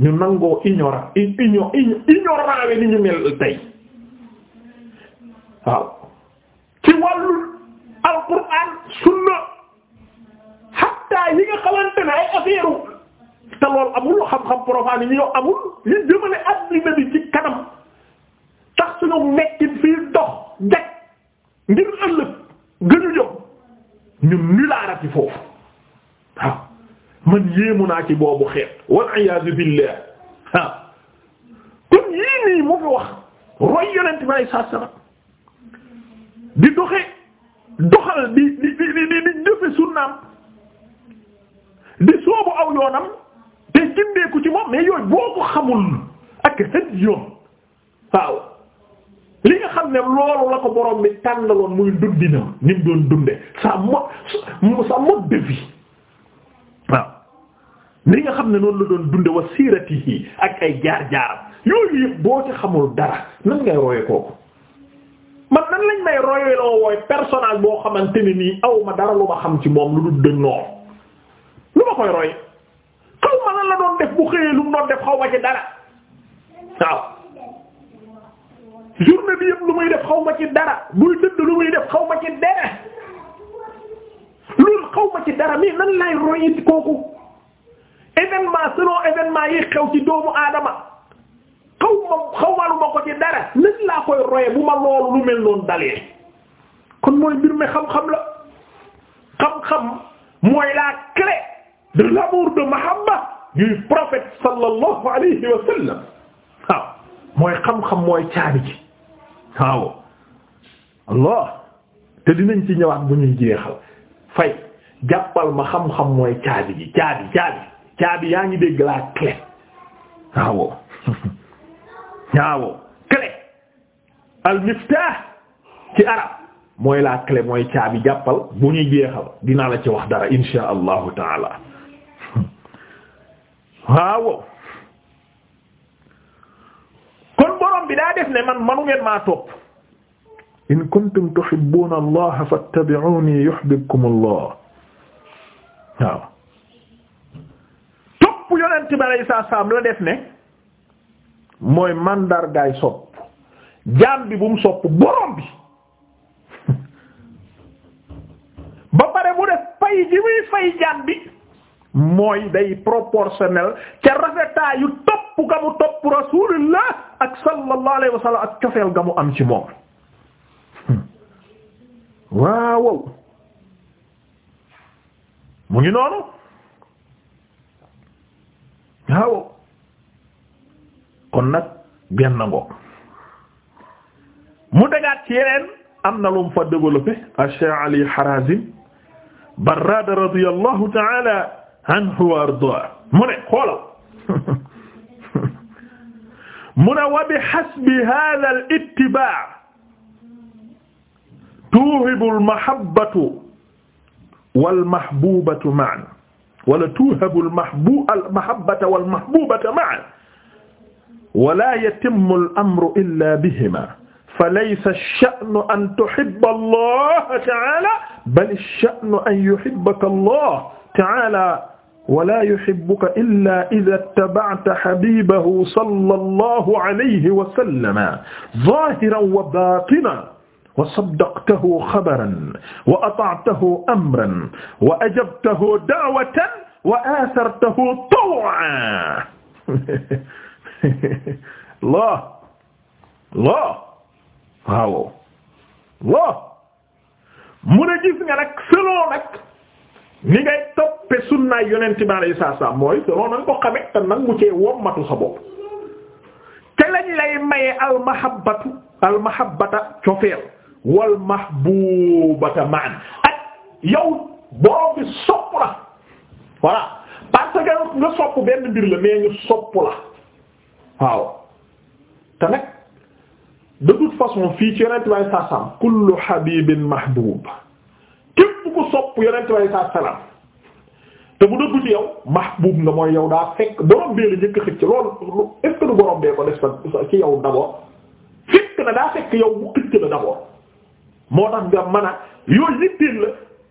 ñu nangoo ignorant ignorant ignorant we ni ñu mel tey waaw ci wàllu alquran sunna hatta yi nga xamante ne ay affaire te lool amul xam-xam profane yi yow amul li jëmale addina bi ci kanam tax suñu nekkin fii dox jag ngir ëllëg gënu jom ñu nulaarati foofu man yéemu naa ci boobu xeet wal iyaazu billah waaw kon yii nii mu fi wax roy yonent bi alayhi salaatu salaam di doxe doxal di di di di di jëfe di soobu aw yoonam te gindeeku ci moom mais yooyu boo ko xamul ak hëj yoon waaw li nga xam ne loolu la ko borom bi tànnaloon muy dundinam ni mu doon dunde sa mode sa mode de li nga xam ne noonu la doon dunde wa siiratihi ak ay jaar-jaaram yooyu yëpp boo ci xamul dara nan ngay roye kooku man nan lañ may royeloo wooy personnage boo xamante ni nii aw ma dara lu ma xam ci moom lu dul dënn noonu lu ma koy roye xaw ma lan la doon def bu xëyee lu mu doon def xaw ma ci dara waaw journée bi yëpp lu muy def xaw ma ci dara buy dëdd lu muy def xaw ma ci dara loolu xaw ci dara mais nan lay roye kooku événement selon événement yi xew ci doomu aadama xaw ma xawaluma ko ci dara nit laa koy roye bu ma loolu lu mel noonu dalee kon mooy mbir mi xam-xam la xam-xam mooy la clé de l'amour de mahabba du prophète sallallahu Allah te dinañ ci ñëwaat bu ñuy jeexal fay jàppal ma xam-xam mooy caabi ji caabi caabi caabi yaa ngi dégg la clé waaw al miftah ci arab mooy la clé mooy caabi jàppal bu ñuy jeexal dinaa la ci wax dara insha allahu taala waaw kon borom bi daa ne man manu ngeen maa topp in kuntum tuhibbuna allah fattabi'uni yuhibbukum allah waaw yonent bi alayhi salaam la def ne mooy màndargaay sopp jaam bi bu sopp borom bi ba pare mu def fay gi muy fay jaam bi mooy day proportionnel ca rafetaayu topp ga mu topp rasulullah ak sallallahu ak cofeel ga mu am ci moom waaw mu ngi noonu waaw kon nag benn ngoog mu dagaat ci yeneen am na lu mu fa développé Cheikh Ali Harazim Barrad radiyallahu ta'ala anhu wa ardaa mu ne xoolal mu ne wa bi hasbi hadha al-ittiba' tuhibu al-mahabbatu wal mahbubatu ma'an wala tuhabu almahbu almahabbata walmahbubata ma'a wala yatimmu al-amru illa bihima falaysa ash-sha'nu an tuhibba Allah ta'ala bal ash-sha'nu an yuhibbaka Allah ta'ala wala yuhibbuka illa idha ittaba'ta habibahu sallallahu alayhi wa sallama zahiran wa batinan wa saddaqtahu xabaran wa ata'tahu amran wa ajabtahu da'watan wa athartahu taw'an Allah Allah waaw Allah mu ne gis nga nag selon nag ni ngay toppe sunnaay yonent bi alayhi salaam mooy selon nag ko xame te nag mu cee wommatu sa bopp te lañ lay maye almahabbatu almahabbata cofeel wal mahbubata maan ak yow borom bi sopp la voilà parce que nga sopp benn mbir la mais ñu sopp la waaw te nag de façon fii ci yonent way saa sam kullu habibin mahbub képp ku sopp yonent way saa salam te bu dëggu ci yow mahbub nga mooy yow daa fekk borom bee la njëkk xëcc loolu est ce que du bee ko def sa ci yow d'abord fekk na daa fekk yow bu xëcc la d'abord moo tax nga mën a yooyu yittin la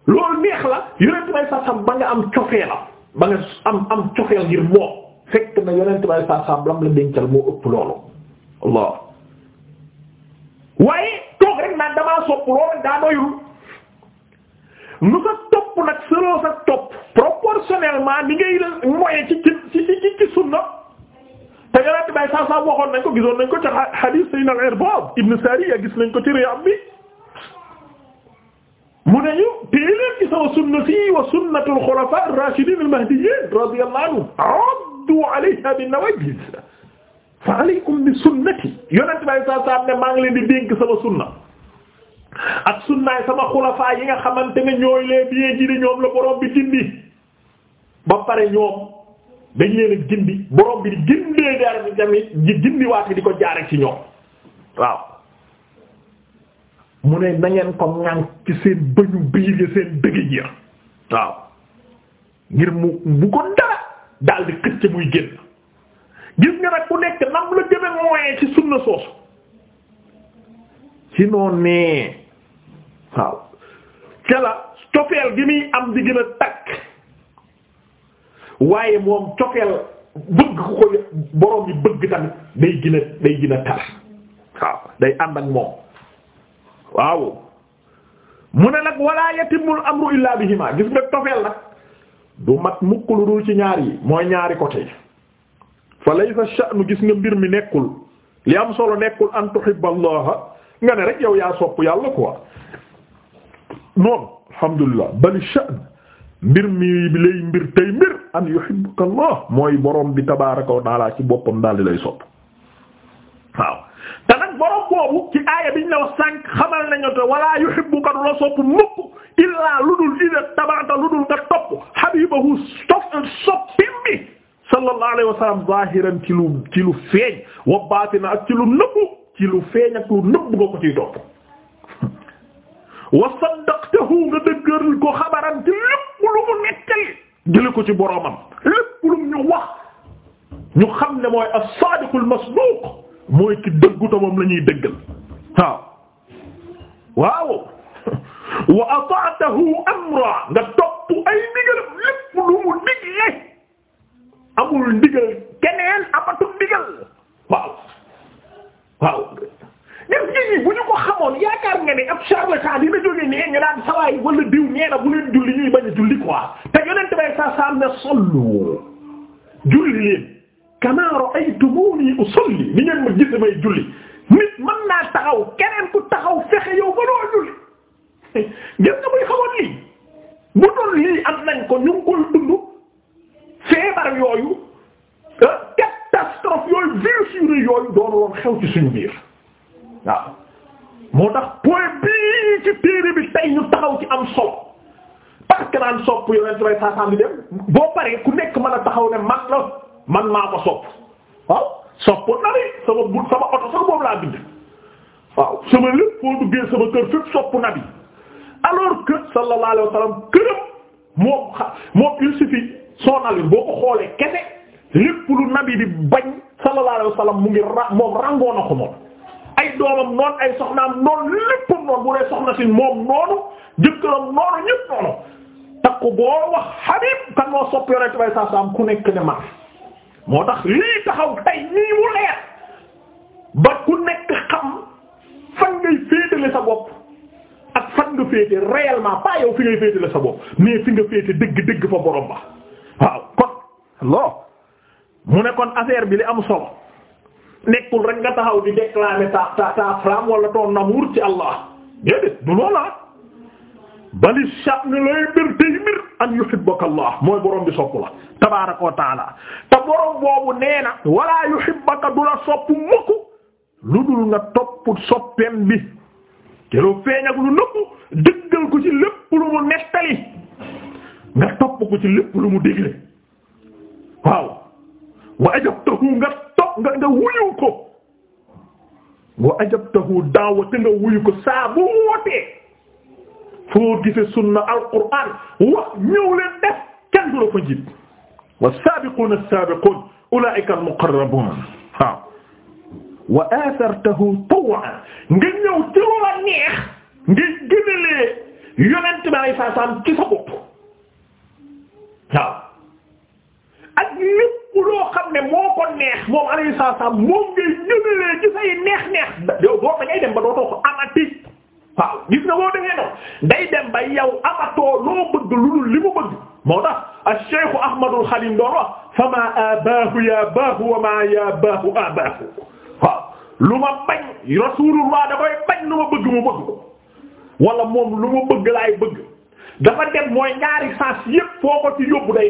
loolu neex la yonent bay ba nga am cofeelam ba nga am am cofeel ngir moom fekk na yonent bay saasam lam la dencal moo ëpp loolu Allah waaye toog rek naan damaa sopp loolu daa doyul nu sa topp nag selon sa topp proportionnellement ni ngay moye ci ci ci ci ci sunna te yonent bay waxoon nañ ko gisoon nañ ko ci hadith Sayyidina al-Irbad ibn Sariya gis nañ ko ci Riyad bi mu ne ñu téye leen ci sama sunna si wa sunnatul xulafaa ar-raashidiin al-mahdiyyiin radiyallaahu addu alayhaa bin-nawaajiz fa alaykum bi sunnati yonent bi saa saa ne maa ngi leen di dénk sama sunna ak sunnaay sama xulafaa yi nga xamante ne ñooy les biens ji di ñoom la borom bi gindi ba pare ñoom dañ leen a gindi borom bi di gindee daal di tamit di gindiwaat di ko jaare ci ñoom waaw. mu ne na ko ŋànk ci seen bëñu biir ya seen dëgg ya waaw ngir mu bu ko dara daal xëcc muy génn gis nga nag ku nekk nam la gën a ci sunna soosu ci noonu nee waaw ca la cofeel gi muy am di gën a takk waaye moom cofeel bëgg ku ko boroom yi bëgg tamit day gën a day gën a tar waaw day ànd ak moom waaw mu ne nag wala yatimul amru illa bihima gis nga tofeel nag du mat mukk lu dul ci ñaar yi mooy ñaari côté fa laysa sha'nu gis nga mbir mi nekkul li am solo nekkul an tuhibba allah nga ne rek yow yaa sopp yàlla quoi noonu alhamdulillah bal sha'n mbir mi lay mbir tey mbir an yuhibbuka allah mooy borom bi tabaaraka wa ci boppam daal di lay sopp borom boobu ci aaya biñ la wax sànq xamal nañu te wala yuhibbuka du la sopp mukk illaa lu dul ida tabata lu dul nga topp habibahu sof soppim bi sallallahu alayhi wa sallam zahiran ci lu ci lu feeñ wa batina ak ci lu nëbbu ci lu feeñ ak lu nëbbu nga ko ciy topp wa saddaqtahu nga dëggal ko xabaram ci lépp lu mu nettali jële ko ci boromam lépp lu ñu wax ñu xam ne mooy as-sadiqul masduq mooy ki dëggu ta moom la ñuy dëggal waaw waaw wa ata'tahu amra nga topp ay ndigalam lépp lu mu digle amul ndigal keneen amatu ndigal waaw waaw def jigi bu ñu ko xamoon yaakaar nga ne ab charlatan dina jógee ne ñu naan sawaay wala diw nee bu leen julli ñuy bañ a julli quoi te yonent bay sa sam ne sollu julli leen kamaa ra'aytumuuni usalli ni ngeen ma gis damay julli nit mën taxaw keneen ku taxaw fexe yow ba doo julli gis nga muy xamoon lii bu doon lii am nañ ko ñu ngi koy dund feebar yooyu ah, catastrophe yooyu blessure yooyu doon woon xew ci suñu biir moo tax point bii ci téere bi tey ñu taxaw ci am solo parce que naan sopp yonent bay saa saa bi dem boo paree ku nekk mën a taxaw ne man la man maa ko sopp waaw sopp na bi sama bu sama oto sax boobu laa bind waaw sama lépp foo duggee sama kër fépp sopp na bi alors que sallallahu alayhi wa sallam këram moom xa moom il suffit son allure boo ko xoolee kese lépp lu nabi di bañ sallallahu alayhi wa sallam mu ngi ra moom ràngoo ko ay doomam noonu ay soxnaam noonu léppam noonu bu soxna si moom noonu jëkkëram noonu ñëpp noonu takku boo wax Habib kan moo soppi yore tubay saa saa am ku nekk ne ma. moo tax lii taxaw tey nii mu leer ba ku nekk xam fan ngay féetale sa bopp ak fan nga féete réellement pas yow fi ngay féetale sa bopp mais fi nga féete dëgg-dëgg fa borom ba waaw kon loo mu ne kon affaire bi li am solo nekkul rek nga taxaw di déclamer ta ta ta flamme wala ton amour ci Allah déedéet du loola bali sha'nu lay bir tey mbir an yuhibbaka Allah mooy borom bi sopp la tabaaraka wa taala te borom boobu nee na wala yuhibbaka du la sopp mukk lu dul nga topp soppeem bi te lu feeñ ak lu nëbbu dëggal ko ci lépp lu mu nettali nga topp ko ci lépp lu mu dégle waaw wa ajabtahu nga nga wuyu ko wa ajabtahu daawa te nga wuyu ko saa foo gise sunna alquran wax ñëw leen def kenn du la fa jiit was-saabiquuna as-saabiquun ulaa'ika al-muqarrabuun waaw wa athartahu taw'an nga ñëw ci lu la neex nga gënalee yonent bi alayhi salaam ci sa bopp waaw ak lépp loo xam ne moo ko neex moom say neex neex yow boo ko ngay dem ba dootoo ko amati waaw gis nga boo déggee noonu day dem ba yow amatoo loo bëgg lu dul li bëgg moo tax as-Cheikh Ahmadul Xadim doon wax fa abaahu yaa baahu wa abaahu lu ma bañ Rasulullah da koy bañ lu ma bëgg mu bëgg ko moom lu ma bëgg laay bëgg dafa dem mooy ñaari sens yépp foo ko ci yóbbu day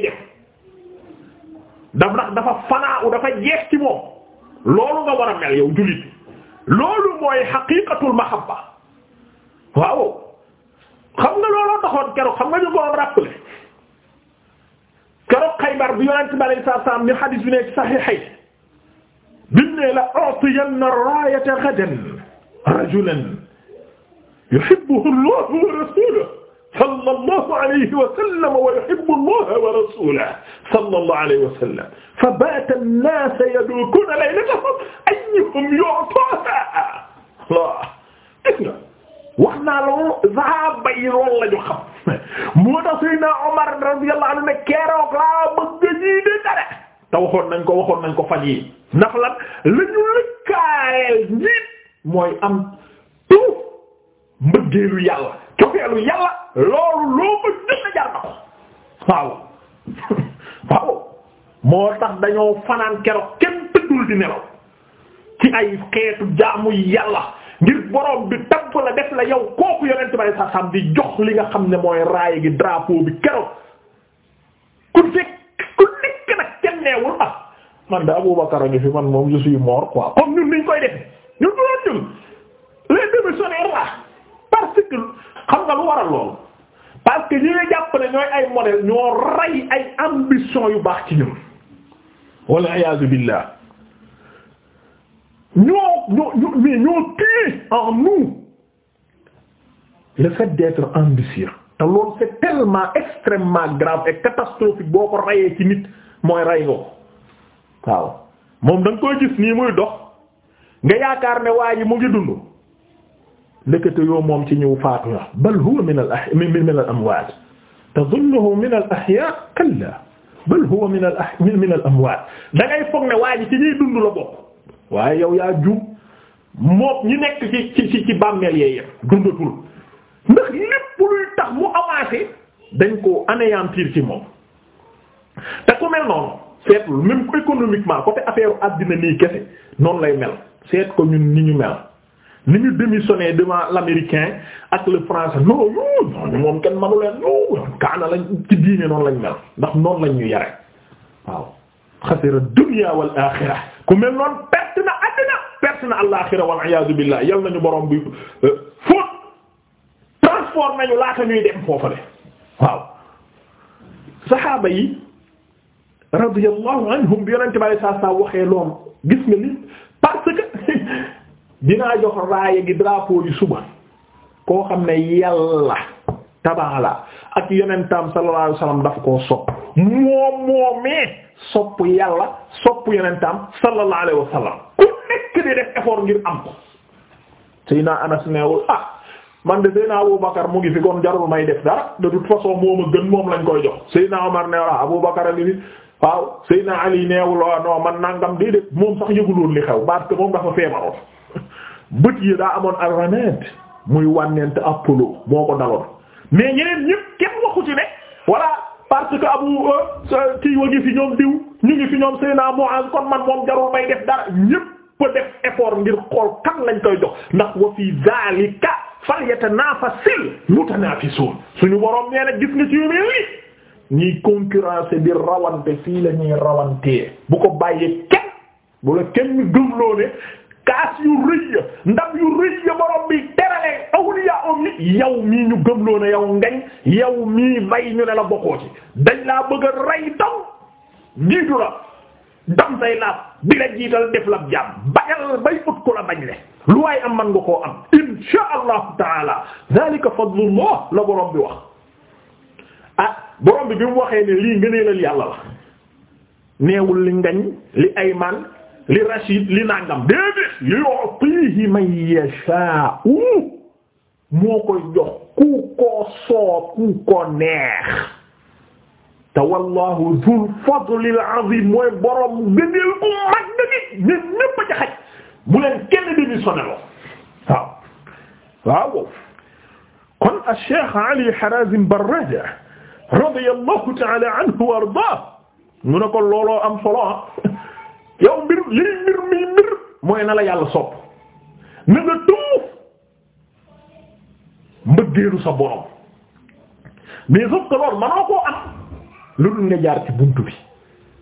def daf dafa fanaaw dafa jeex ci moom loolu nga war a mel yow loolu mooy xaqiiqatul mahabba waaw xam nga looloo taxoon keroog xam nga ñu ko rappelé keroog Xaybar bi yonent bi alayhi salaam ni xadiis bi nekk saxiixay biñ ne la u'tiyanna raayata gadan rajulan yuhibbuhu Allahu wa rasuluhu sallallahu alayhi wa sallam wa yuhibbu Allaha wa rasulahu sallallahu alayhi wa sallam fabaata an-naasu yadukuuna laylatahum ayyuhum yu'taaha wax naa loolu saxaaba yi loolu la xam moo tax Seydina Omar radiyallahu anhu ne keroog laa bëgg ñii di dara te waxoon nañ ko waxoon nañ ko fan yi ndax lan la njiit mooy am tuuf mbëggeelu yàlla cofeelu yàlla loolu loo ko gën jar na ko waaw waaw moo tax dañoo fanaan keroog kenn tëddul di nelaw ci ay xeetu jaamu yàlla ngir borom bi tabb la def la yow kooku yonent ba sa sam di jox li nga xam ne mooy raay gi drapeau bi keroog ku nekk nag kenn neewul ah, man da Aboubacar a ngi fi man moom je suis mort quoi comme ñun niñ koy def ñun du ñun les démissionnaires là parce que xam nga lu waral loolu parce que ñi nga jàpp ne ñooy ay modèle ñoo rey ay ambition yu baax ci ñun wala iyaazu billah ñoo ñoo ñoo mais ñoo téye en nous le fait te loolu c'est tellement extrêmement grave et boo ko rayee ci nit mooy ray nga ko waaw moom da koy gis nii muy dox nga yaakaar ne waa ji mu ngi dund ndekete yoo moom ci ñëw faatu na bal huwa min al ahya min al amwaat tadhunnuhu min al ahya kalla huwa min al ahya min foog ne waa ji ci ñuy dund la bokk waaye yow yaa juum moom ñi nekk ci ci ci ci bàmmeel yee dundatul ndax lépp luy tax mu avancé dañ ko anéantir ci moom te ku mel noonu seetlu même économiquement côté affaire àddina nii kese noonu lay mel seet ko ñun ni ñu mel ni ñu démissionné devant l'américain ak le français non non non moom kenn manu leen non lañ ci diine noonu lañ mel ndax noonu lañ ñu yare waaw xasira dunya wal axira ku mel noonu perte na àddina perte na àllaxira wal iyaadu billah yal nañu borom bi euh, fóot transport nañu laata ñuy dem foofale waaw saxaaba yi radiyallahu anhum bi yonente bi alei waxee loolu gis nga li parce que dinaa jox raaya gi drapeau yi suba koo xam ne yàlla tabaala ak yonentam sallallahu alayhi dafa koo sopp moom moomee sopp yàlla sopp yonentam sallallahu alayhi wa sallam ku nekk di def effort ngir am ko Seydina Anas neewul ah man de Seydina Abu Bakar mu ngi fi kon jarul may def dara de toute façon moom a gën moom lañ koy jox Seydina Omar neewul ah Abu Bakar a ngi fi waaw Seydina Ali neewul ah non man nangam déedéet moom sax yëguloon li xew parce que moom dafa feebaroon bët yi daa amoon alraned muy wànnent Apollo moo ko daloon mais ñeneen ñépp kenn waxu ci parce que abu euh, kii ngi fi ñoom diw ñu ngi fi ñoom Seyna Muaz kon man moom jarul may def dara ñépp def effort ngir xool kan lañ koy jox ndax wa fi zalika falyatanafasil mutanafisun suñu borom nee na gis nga ci yu mel ni concurrence di rawante fii la rawantee bu ko bàyyee kenn bu la kenn gëmloo ne kaas yu rëy ya ndam yu rëy borom bi terale awliya om nit yow mii ñu gëmloo ne yow ngañ yow mii bay ñu ne la bokkoo ci dañ laa bëgg a rey dam jiitu la dam say laab di la jiital def lab jàmm bañal bay ut ku la bañ le lu waay am man nga koo am insha allahu taala zalika fadlullah la borom bi wax ah borom bi bi mu waxee ne lii ngëneelal yàlla la neewul li ngañ li ayman li rachid li nangam déedéet yu'tihi man yasha'u moo koy jox ku ko soob ku ko neex te wallahu dhul fadlil azim mooy borom gëneel ku mag gi ñun ñëpp a ca xaj bu leen kenn di ñu sonaloo waaw waaw kon Cheikh Ali Harazim Barraja radiyallahu ta'ala anhu wa ardaahu mu ne ko looloo am solo yow mbir lii mbir mii mbir mooy na la yàlla sopp na nga tuuf mbëggeelu sa borom mais sauf que loolu manoo koo am lu dul nga jaar ci buntu bi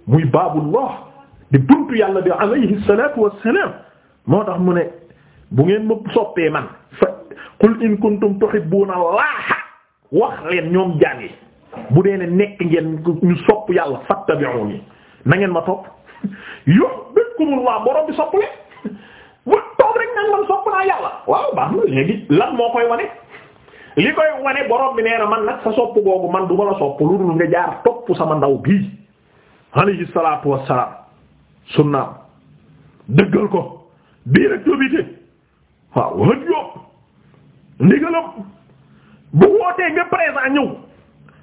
muy baabullah di buntu yàlla bi alayhi salatu wassalam moo tax mu ne bu ngeen ma soppee man fa qul in kuntum tuhibbuna allah wax leen ñoom jaan yi bu dee ne nekk ngeen ñu sopp yàlla fattabi'uni na ngeen ma topp yuhibbukumullah borom bi soppu leen bu toog rek nag man sopp naa yàlla waaw baax na léegi lan moo koy wane li koy wane borom bi nee na man nag sa sopp googu man du ma la sopp lu dul nga jaar topp sama ndaw bii alayhi salaatu wassalaam sunnaam dëggal ko bii rek jóbite waaw hët yóob ndigalam bu wootee nga présent ñëw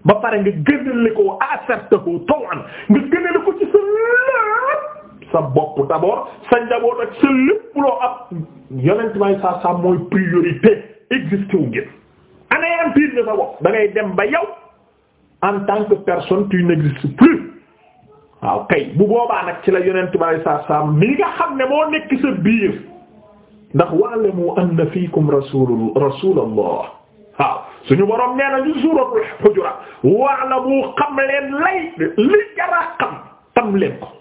ba pare nga gënale ko asartahu tawan nga gënale ko sa bopp d'abord sa njaboot ak sa lépp loo am yonent may sa sa mooy priorité existé wu ngeen anéantir nga sa bopp da ngay dem ba yow en tant que personne tu n'existes plus waaw kay bu boobaa nag ci la yonent may sa sa mi nga xam ne moo nekk sa biir ndax wa'lamu anna fiikum rasul rasulallah waaw suñu borom nee na ñu suuratul Hujurat wa'lamu xam leen lay li jara xam tam leen ko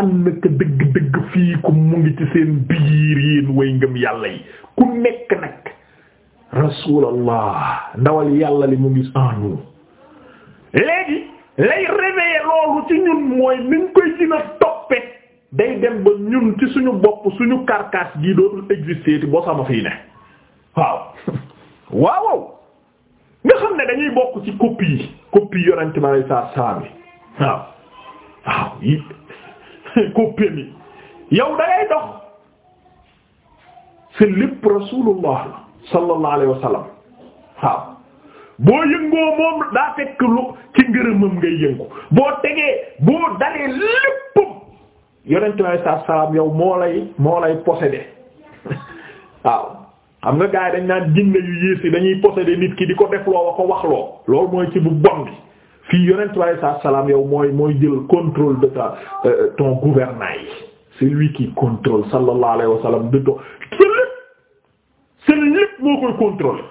annaka dëgg-dëgg fii ku mu ngi ci seen biir yéen way ngëm yàlla yi ku nekk nag rasulallah ndawal yàlla li mu ngi en léegi lay réveiller loolu ci ñun mooy niñ koy gën a day dem ba ñun ci suñu bopp suñu carcasse gi dootul exister ti boo sama fii ne waaw waaw nga xam waaw waaw koppee mi yow da ngay dox c'est lépp rasulullah sallallahu alayhi wa waaw boo yëngoo moom daa fekk lu ci ngërëmam ngay yëngu boo tegee boo dalee lépp yonentu Yàlla salaam yow moo lay moo lay posséder waaw xam nga gars dañ naan jinne yu yées yi dañuy posséder nit ki di ko def loo wa ko wax loolu mooy ci bu bon bi fii yonent bi alayhi salaatu salaam yow mooy mooy jël contrôle de ta euh, ton gouvernail c'est qui contrôle sallallahu alayhi wa sallam de ton c'est lépp c'est lépp moo koy contrôler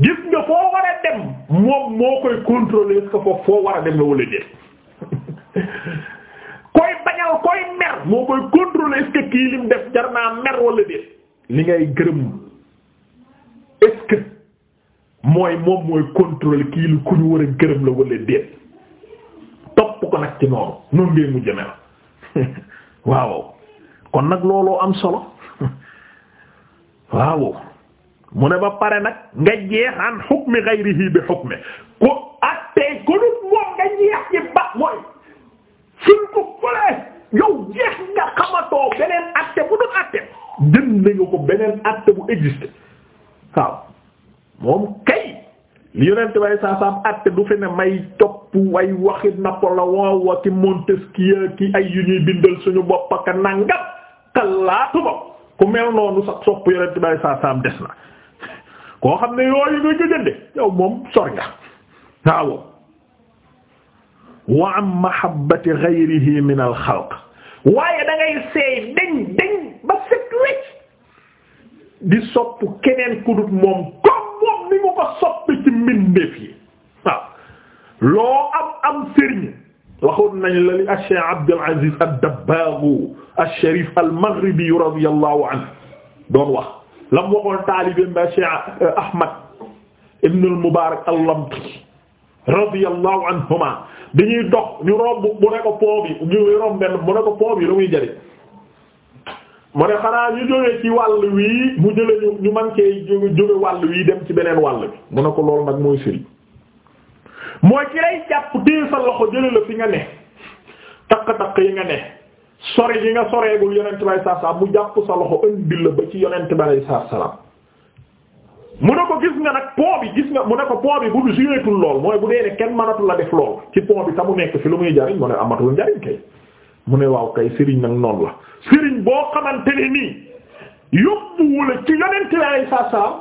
gis nga foo war a dem moom moo koy contrôler est-ce foofu foo war a dem la wala déet koy bañal koy mer moo koy contrôler est-ce kii lim def jar naa mer wala déet li ngay gërëm. mooy moom mooy contrôle kii lu ku ñu war a gërëm la wala déet topp ko nag ci noonu noonu ngeen mu jëme la waaw kon nag looloo am solo waaw mu ne ba pare nag nga jeex an hukmi ghayrihi bi hukmi ku attee ko nut moom nga jeex ci ba mooy suñ ko fëlee yow jeex nga xamatoo beneen atte bu dul atte jën nañu ko beneen atte bu existe waaw moom kay li yonent bay saa saam du fi ne may topp way waxi Napoléon wa ki Montesquieu ki ay yu ñuy bindal suñu bopp ak nangat kallaatu ba ku mel noonu sax sopp yonent bay saa des na koo xam ne yooyu nga jëjënde yow moom sori nga waaw wa am mahabbati ghayrihi min al waaye da seey deñ deñ ba set di sopp keneen ku moom ko moom ni mu ko soppi loo am am sëriñ waxoon nañ la li Cheikh Abdul Aziz ad-Dabbaagh ash-Sharif al-Maghribi radiyallahu anhu doon wax la mu waxoon taalibeem ba Cheikh eh, Ahmad ibn al-Mubarak al-Lamti radiyallahu anhuma dañuy dox ñu romb bu ne ko pont bi mu ne xanaa ñu jóge ci wàll wii mu jële ñu ñu man cee jóge wàll wii dem ci beneen wàll bi mu ne ko loolu nag mooy sëriñ mooy ci lay jàpp téye sa loxo jële la fi nga ne takk-takk yi nga ne sori yi nga soreegul yonent bi saa salaam mu jàpp sa loxo ëndil la ba ci yonent bi saa salaam mu ne ko gis nga nag pont bi gis nga mu ne ko pont bi bu du suyeetul lool mooy bu dee ne kenn mënatul a def lool ci pont bi ta mu nekk fi lu muy jariñ mu ne amatul mu ne waaw kay Serigne nag noonu la Serigne boo xamante ne nii yóbbuwula ci yonent bi ay saa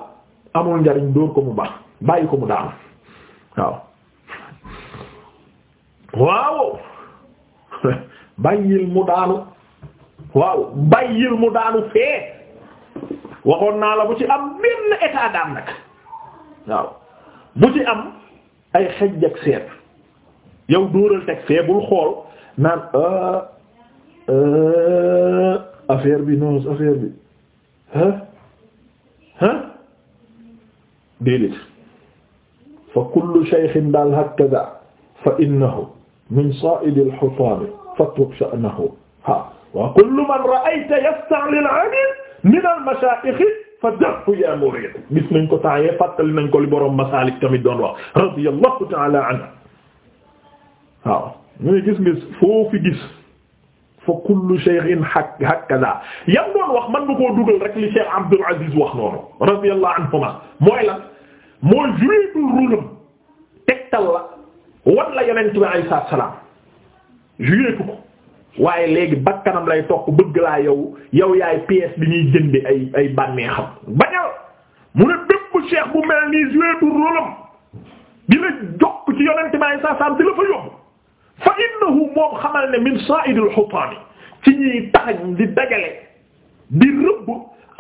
amul njariñ dóor ko mu baax bàyyi ko mu daanu waaw bàyyil mu daanu fee waxoon naa la bu ci am benn état d'âme nag waaw bu ci am ay xejj ak seet yow dóoral teg fee bul xool naan euh, Euh, affaire bi non affaire bi ah ah déedéet fa kullu shaykhin daal hakaza fa innahu min sa'id al-hutam fatruk sha'nahu ha wa kullu man ra'ayta yasta'lil 'abid min al-mashayikh fada'hu ya murid gis nañ ko temps yee fàttali nañ ko li borom masalik tamit doon wax radiyallahu ta'ala anhu waaw ñu gis nga foofu gis fa kullu shaykhin hakaza yam doon wax man nga koo dugal rek li Cheikh Abdul Aziz wax noonu radiyallahu anhuma mooy lan mooy jouer du rôle tegtal la wan la yonent bi alayhi salaam jouer ko waaye léegi bakkanam lay toq bëgg laa yow yow yaay pièce bi ñuy jënde ay ay bànneexam bañal mu ne bépp cheikh bu mel nii jouer du rôle di la jokk ci yonent bi alayhi salaam di la fa yóbbu fa innahu moom xamal ne min sa'idil xutaani ci ñuy taxañ di dajale di rëbb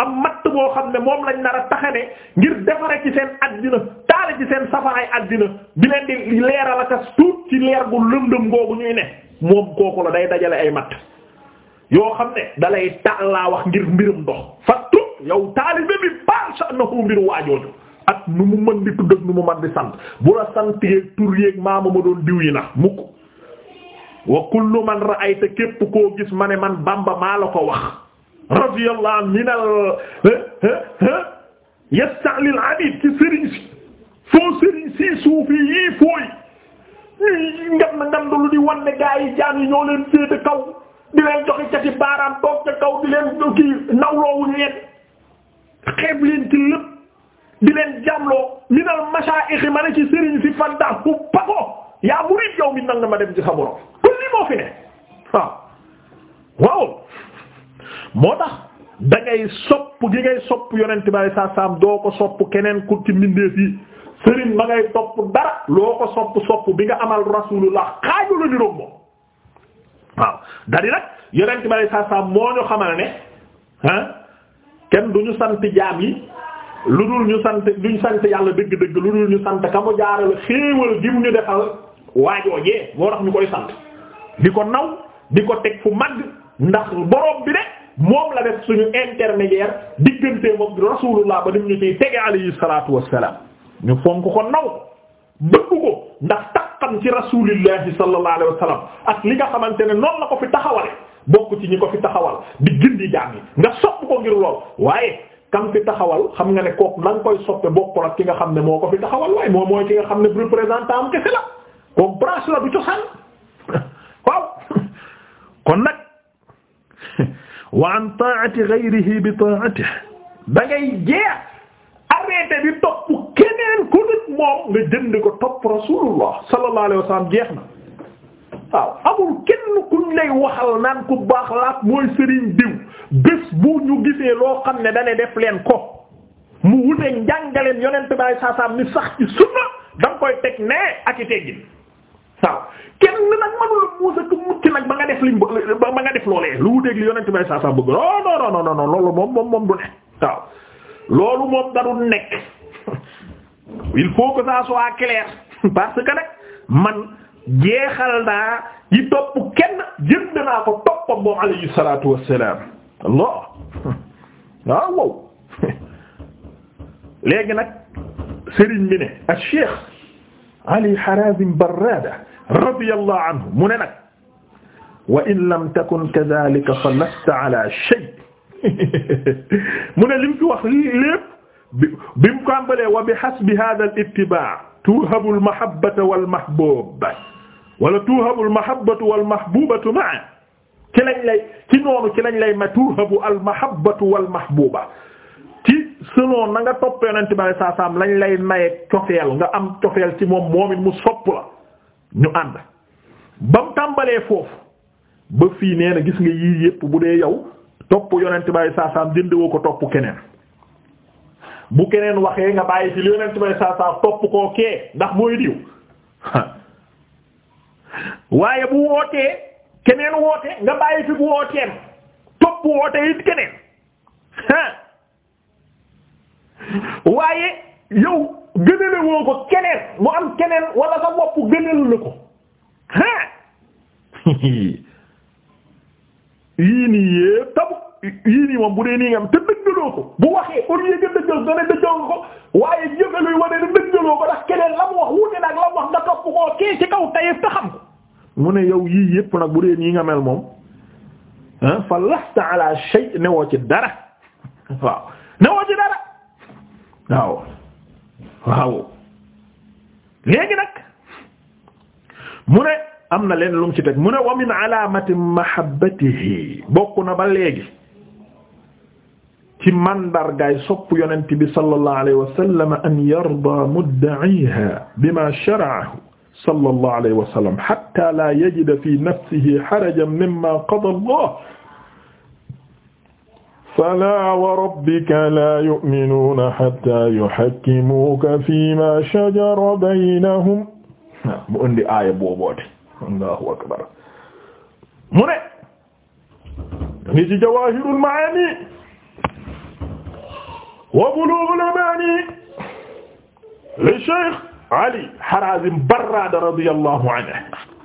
am matt boo xam ne moom lañ nar a taxane ngir defare ci seen addina taale ci seen safaraay addina di leen di leeral akas tuut ci leer gu lëndëm googu ñuy ne moom kooku la day dajale ay matt yoo xam ne dalay tàllaa wax ngir mbirum dox fa tut yow taalibe bi baax sa nahu mbir waajooju ak nu mu mën di tudd ak nu mu mën di sant bu la sant tur yeeg maama ma doon yi na wa kullu man ra'ayta képp koo gis ma ne man Bamba maa la ko wax radiyallahu minal eh, eh, eh, yasta'lil abid ci sëriñ si foo sëriñ si suufi yii fooy ngam ngam lu di wan ne gaa yi jaan yi ñoo leen féete kaw di leen joxe cati baaraam toog ca kaw di leen kii nawloowu leen xeeb leen ci lépp leen jàmloo minal mashaayixi ma ne ci sëriñ si fadda ku pako yaa murid yow mi nang na ma dem ci sa borom kon moo fi ne waaw moo tax da ngay sopp gi ngay sopp yonent bi saa doo ko sopp keneen ku ci mbindeef yi sëriñ ma ngay topp dara loo ko sopp sopp bi nga amal rasulullah xaaju la niroog moom waaw dari nag yonent bi saa moo ñu xamal ne ah kenn du ñu sant jaam yi lu dul ñu sant duñ sant yàlla dëgg-dëgg lu dul ñu sant ka mu jaarale xéewal gi mu ñu defal waajoojee moo rax ñu koy sant di ko naw di ko teg fu mag ndax boroom bi de moom la def suñu intermédiaire diggante moom rasulullah ba nim ñu ciy tege alayhi salatu wassalam ñu fonk ko ko naw dëkk ko ndax taqam ci rasulillahi sallallahu alayhi wasallam ak li nga xamante ne noonu la ko fi taxawale bokk ci ñi ko fi taxawal di gindi jaam yi nga sopp ko ngir lool waaye kam fi taxawal xam nga ne kooku la nga koy soppe bokkul ak ki nga xam ne moo ko fi taxawal waaye mooy ki nga xam ne représentant am kese la kooku branche la du cosaan waaw kon nag wa an ta'ati ghayrihi bi ta'atihi da ngay jeex bi topp keneen ku nit moom nga jënd ko topp rasulullah sallallahu alayhi wa sallam jeex na waaw amul kenn kuñ lay waxal naan ku baax laat mooy sëriñ diw bés bu ñu gisee loo xam ne dane def leen ko mu wute njàngaleen yonent baay saasaam ni sax ci sunna danga koy teg nee ak i waaw kenn nag manula muus ak mucc nag ba nga def liñ ba nga def loolee lu wuteeg li yonent may saa saa bëgg non non non non loolu moom moom moom du ne waaw loolu moom darul nekk il faut que ça soit clair parce que nag man jeexal naa yi topp kenn jënd naa ko toppam moom alayhi wassalaam Allah ah, léegi nag sëriñ bi ne ak cheikh Ali Harazim Barrada radiyallahu anhu mu ne nag wa in lam takun kadhalika fa lasta ala shay mu ne lim fi wax lépp bi bi mu kàmbalee wa bi hasbi hadha al-ittiba' tuhabu al-mahabbatu wal-mahbuba wala tuhabu al-mahabbatu wal-mahbubatu ma'a ci lañ lay ci noonu ci lañ lay ma tuhabu al-mahabbatu wal-mahbuba selon na nga topp yonent bi saa saam lañ lay maye cofeel nga am cofeel ci moom moom it mu sopp la ñu ànd ba mu tàmbalee foofu ba fii nee gis nga yii yépp bu dee yow topp yonent bi saa saam jëndewoo ko topp keneen bu keneen waxee nga bàyyi ci li yonent bi saa saam topp koo ndax mooy diw waaye bu wootee keneen woote nga bàyyi fi bu wooteem topp woote it keneen ha waaye yow gënale woo ko keneen mu am keneen wala sa bopp gënalu la ko ah yii nii tabu yii moom bu dee nii nga am te dëggaloo ko bu waxee au lieu ko waaye jëfaluy wane ne dëggaloo la mu wax wuute nag la mu wax nga topp kii ci kaw tayef te ko mu ne yow yii yépp nag bu dee nii nga mel moom fa lasta ala shay newoo dara waaw dara waaw waaw léegi nag mu ne am na leen lu mu ci teg mu ne wa min alaamati mahabbatihi bokk na ba léegi ci mandargaay sopp yonent bi sallallahu alayhi wa sallam an yarda mudda'iha bima shara'ahu sallallahu alayhi wa sallam hatta la yajida fi nafsihi harajan mimma qada Allah falaa wa rabbika laa yu'minuuna hattaa yuhakkimuuka fiimaa shajara baynahum mu indi aaya booboote Allahu akbar mu ne ngi ci jawaahirul maani wa buluughul amaani li Cheikh Ali Harazim Barrada radiyallahu anhu